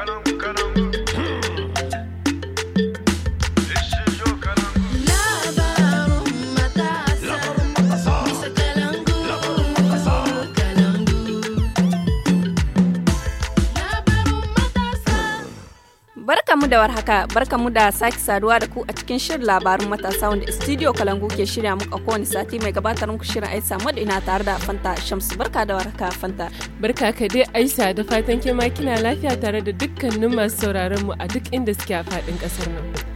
Caramba, caramba. mu da warhaka mu da sake saduwa da ku a cikin shirin labarin matasa wanda studio kalangu ke shirya muku a kowane sati mai gabatar muku shirin aisa madu ina tare da fanta shamsu barka da warhaka fanta barka ka dai aisa da fatan ke ma kina lafiya tare da dukkanin masu sauraron mu a duk inda suke a faɗin ƙasar nan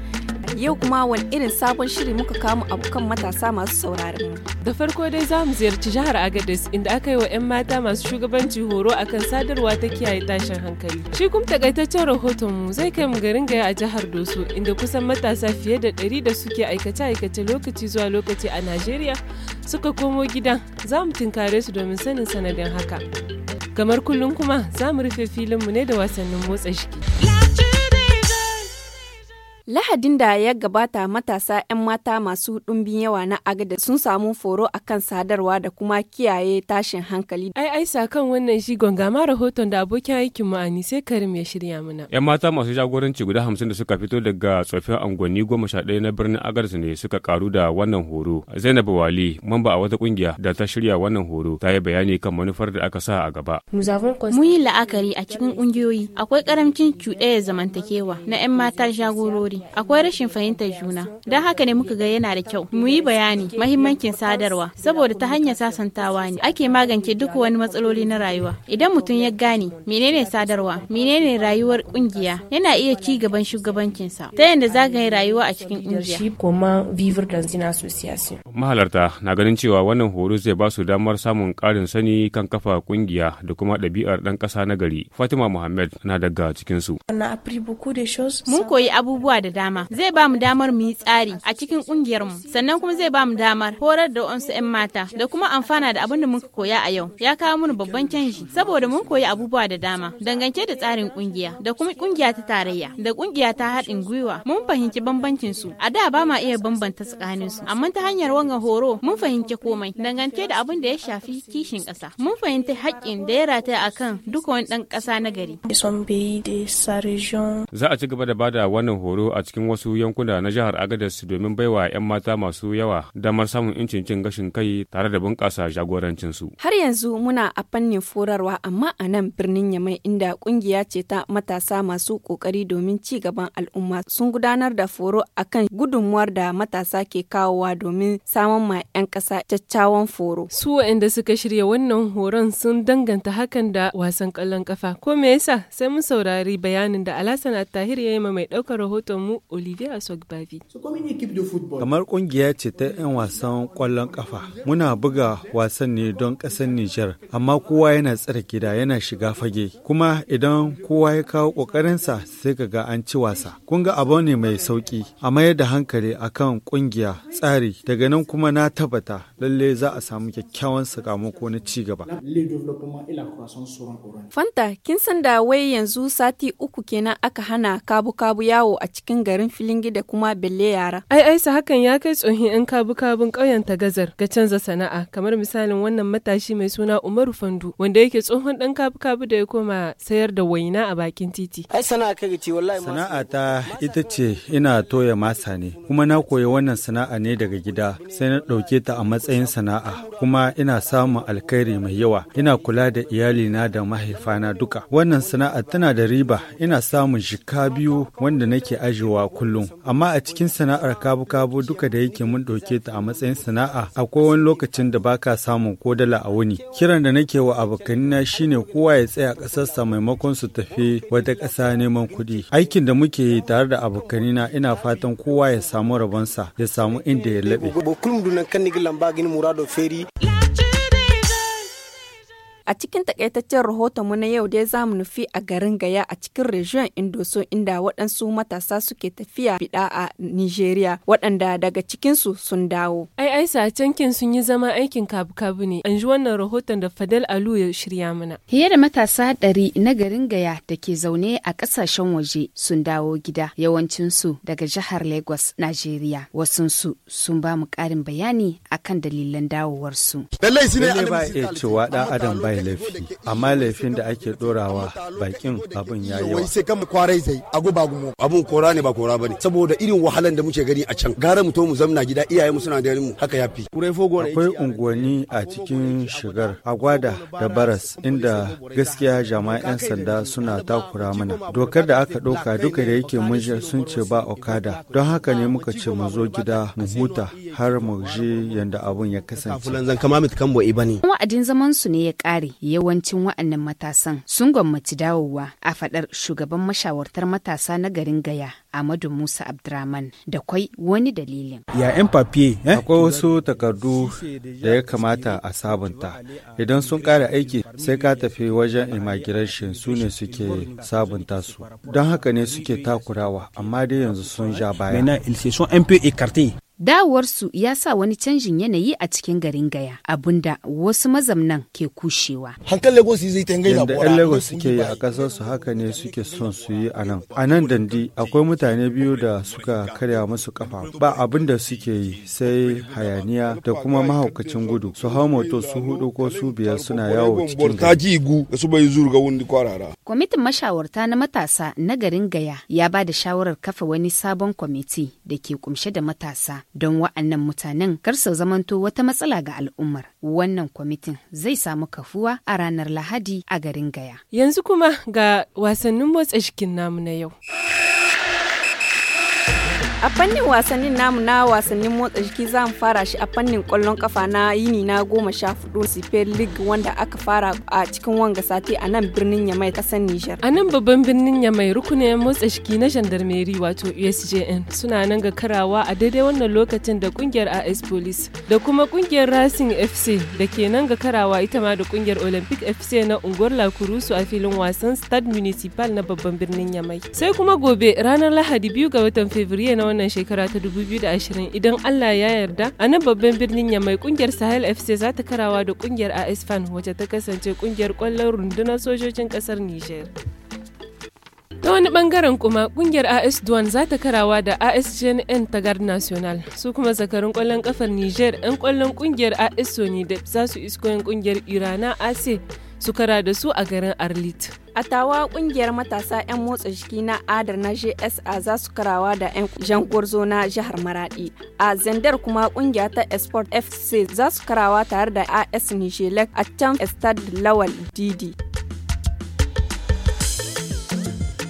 Yau kuma wani irin sabon shiri muka kamu kan matasa masu sauraron Da farko dai za mu ziyarci jihar Agadez inda aka yi wa 'yan mata masu shugabanci horo a kan sadarwa ta kiyaye tashin hankali. Shi kuma takaitaccen rahoton mu zai kai mu garin gaya a jihar Doso inda kusan matasa fiye da ɗari da suke aikace-aikace lokaci zuwa lokaci a Najeriya suka komo gida za mu tinkare su domin sanin sanadin haka. Kamar kullum kuma za mu rufe mu ne da wasannin motsa jiki. Lahadin da ya gabata matasa 'yan mata masu ɗumbin yawa na agada sun samu foro a kan sadarwa da kuma kiyaye tashin hankali. Ai sa kan wannan shigon gama rahoton da abokin aikin mu sai Karim ya shirya mana. 'Yan mata masu jagoranci guda hamsin da suka fito daga tsofin angonni goma sha ɗaya na birnin Agadez ne suka karu da wannan horo. Zainab Wali, mamba a wata kungiya da ta shirya wannan horo, ta yi bayani kan manufar da aka sa a gaba. Mun yi la'akari a cikin ƙungiyoyi akwai ƙaramcin cuɗe zamantakewa na 'yan mata jagorori. akwai rashin fahimtar juna don haka ne muka ga yana da kyau mu yi bayani mahimmancin sadarwa saboda ta hanyar sasantawa ne ake magance duk wani matsaloli na rayuwa idan mutum ya gane menene sadarwa menene rayuwar kungiya yana iya ci gaban shugabancinsa ta yadda zagaye rayuwa a cikin kungiya mahalarta na ganin cewa wannan horo zai ba su damar samun karin sani kan kafa kungiya da kuma ɗabi'ar ɗan ƙasa na gari fatima muhammad na daga cikinsu mun koyi abubuwa da dama zai ba mu damar mu yi tsari a cikin ƙungiyarmu sannan kuma zai ba mu damar horar da wasu 'yan mata da kuma amfana da abin da muka koya a yau ya kawo mana babban canji saboda mun koyi abubuwa da dama dangance da tsarin kungiya da kuma ƙungiya ta tarayya da kungiya ta haɗin gwiwa mun fahimci bambancin su a da ba ma iya bambanta tsakanin su amma ta hanyar wannan horo mun fahimci komai dangance da abin da ya shafi kishin ƙasa mun fahimci haƙƙin da ya rataya akan duka wani ɗan ƙasa na gari. Za a ci gaba da bada wannan horo a cikin wasu yankuna na jihar Agadez domin baiwa 'yan mata masu yawa damar samun incin cin gashin kai tare da bunƙasa jagorancinsu. Har yanzu muna a fannin furarwa amma a nan birnin Yamai inda ƙungiya ce ta matasa masu ƙoƙari domin ci gaban al'umma sun gudanar da foro akan gudunmuwar da matasa ke kawowa domin samun ma 'yan ƙasa kyakkyawan foro. Su waɗanda suka shirya wannan horon sun danganta hakan da wasan kallon kafa Ko me yasa sai mun saurari bayanin da Alhassan Attahir ya yi ma mai ɗaukar rahoton mu Olivier Asogbavi. Kamar kungiya ce ta 'yan wasan kwallon kafa. Muna buga wasan ne don ƙasar Nijar, amma kowa yana tsare gida yana shiga fage. Kuma idan kowa ya kawo ƙoƙarinsa sai ka ga an ci wasa. Kun ga abu ne mai sauƙi, a mayar da hankali akan kungiya tsari daga nan kuma na tabbata lalle za a samu kyakkyawan sakamako na ci gaba. Fanta, kin san da wai yanzu sati uku kenan aka hana kabu-kabu yawo a cikin cikin garin Filingi da kuma Belle Yara. Ai aisa hakan ya kai tsohin 'yan kabu-kabun ƙauyen gazar ga canza sana'a kamar misalin wannan matashi mai suna Umaru Fandu wanda yake tsohon ɗan kabu-kabu da ya koma sayar da waina a bakin titi. Ai sana'a kai ce wallahi sana'a ta ita ce ina toya masa ne kuma na koyi wannan sana'a ne daga gida sai na ɗauke ta a matsayin sana'a kuma ina samun alkhairi mai yawa ina kula da iyalina da mahaifana duka wannan sana'a tana da riba ina samun shika biyu wanda nake aji ajiyewa kullum amma a cikin sana'ar kabu-kabu duka da yake mun ɗauke ta a matsayin sana'a akwai wani lokacin da baka samun ko dala a wuni kiran da nake wa abokanina shine kowa ya tsaya ƙasarsa maimakon su tafi wata ƙasa neman kuɗi aikin da muke yi tare da abokanina ina fatan kowa ya samu rabonsa ya samu inda ya laɓe. A cikin takaitaccen rahoton mu na yau dai za mu nufi a garin Gaya a cikin region Indoso inda waɗansu matasa suke tafiya fiɗa a Nigeria waɗanda daga cikinsu sun dawo. Ai Aisa cankin sun yi zama aikin kabu-kabu ne. An ji wannan rahoton da Fadel Alu ya shirya mana. Fiye da matasa ɗari na garin Gaya da ke zaune a ƙasashen waje sun dawo gida yawancinsu daga jihar Lagos, Nigeria. su sun ba mu ƙarin bayani akan dalilan dawowarsu. Lallai ba iya cewa ɗan adam ba yi laifi amma laifin da ake dorawa bakin abun ya yi sai kan kwarai zai agu ba gumo abun kora ne ba kora bane saboda irin wahalan da muke gani a can gara mu to mu zamna gida iyaye mu suna ganin mu haka yafi akwai unguwanni a cikin shigar agwada da baras inda gaskiya jama'an sanda suna takura mana dokar da aka ɗauka duka da yake mun sun ce ba okada don haka ne muka ce mu zo gida mu huta har mu ji yanda abun ya kasance wa'adin zaman su ne ya kare kare yawancin wa'annan matasan sun gwammaci dawowa a faɗar shugaban mashawartar matasa na garin Gaya Amadu Musa Abdurrahman da kwai wani dalilin. Ya ‘yan papiye, eh? akwai wasu takardu da ya kamata a sabunta. Idan sun kare aiki sai ka tafi wajen immigration su ne suke sabunta su. Don haka ne suke takurawa, amma dai yanzu sun ja baya. Dawarsu ya sa wani canjin yanayi a cikin garin Gaya, abinda wasu mazamnan ke kushewa. Lagos zai ta Yadda 'yan Lagos suke yi a ƙasar su haka ne suke son su yi a nan. A nan dandi akwai mutane biyu da suka karya musu kafa. Ba abin da suke yi sai hayaniya da kuma mahaukacin gudu. Su hau moto su hudu ko su biyar suna yawo cikin gari. Kwamitin mashawarta na matasa na garin Gaya ya ba da shawarar kafa wani sabon kwamiti da ke kumshe da matasa don wa'annan mutanen kar su zamanto wata matsala ga al'ummar wannan kwamitin zai samu kafuwa a ranar lahadi a garin gaya yanzu kuma ga wasannin motsa jikin namu na yau A fannin wasannin namu na wasannin motsa jiki za mu fara shi a fannin kwallon kafa na yini na goma sha fudu Super League wanda aka fara a cikin wanga sati a nan birnin Yamai kasan Nijar. A nan babban birnin Yamai rukunin motsa jiki na gendarmerie wato USJN suna nan ga karawa a daidai wannan lokacin da kungiyar AS Police da kuma kungiyar Racing FC da ke nan ga karawa ita ma da kungiyar Olympic FC na unguwar La Kurusu a filin wasan Stade Municipal na babban birnin Yamai. Sai kuma gobe ranar Lahadi biyu ga watan Fabrairu na wannan shekara ta 2020 idan Allah ya yarda a nan babban birnin ya mai kungiyar Sahel FC za ta karawa da kungiyar AS Fan wacce ta kasance kungiyar kwallon rundunar sojojin kasar Niger. ta wani bangaren kuma kungiyar as duan za ta karawa da asgnn ta gard national su kuma zakarun kwallon kafar niger 'yan kwallon kungiyar as sony da za su iskoyin kungiyar irana ase su kara da su a garin arlit A tawa kungiyar matasa 'yan motsa jiki na adar na GSA za su karawa da 'yan jan gwarzo na jihar Maradi. A Zandar kuma kungiya ta Esport FC za su karawa tare da AS Nijelek a can Estad Lawal Didi.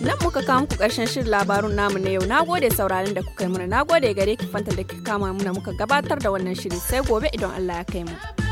Nan muka kawo muku ƙarshen shirin labarun namu na yau. Na gode sauraron da kuka yi mana. Na gode gare ki fanta da kika kama muna muka gabatar da wannan shiri sai gobe idan Allah ya kai mu.